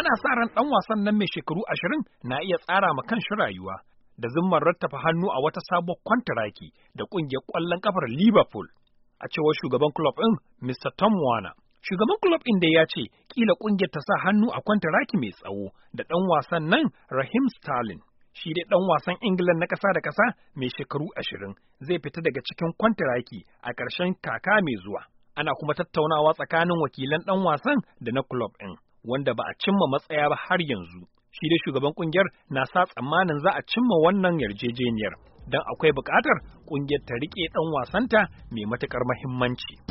Ana sa ran ɗan wasan nan mai shekaru ashirin na iya tsara ma kan shi rayuwa da zimmar rattafa hannu a wata sabon kwantaraki da ƙungiyar ƙwallon ƙafar Liverpool. A cewar shugaban club ɗin Mr. Tom Warner. Shugaban club ɗin da ya ce kila ƙungiyar ta sa hannu a kwantaraki mai tsawo da ɗan wasan nan Rahim Sterling. shi dai ɗan wasan England na ƙasa da ƙasa mai shekaru ashirin zai fita daga cikin kwantaraki a ƙarshen kaka mai zuwa. Ana kuma tattaunawa tsakanin wakilan ɗan wasan da na club ɗin. wanda ba a cimma matsaya ba har yanzu. Shi da shugaban kungiyar na sa tsammanin za a cimma wannan yarjejeniyar don akwai buƙatar kungiyar ta riƙe ɗan wasanta mai matuƙar mahimmanci.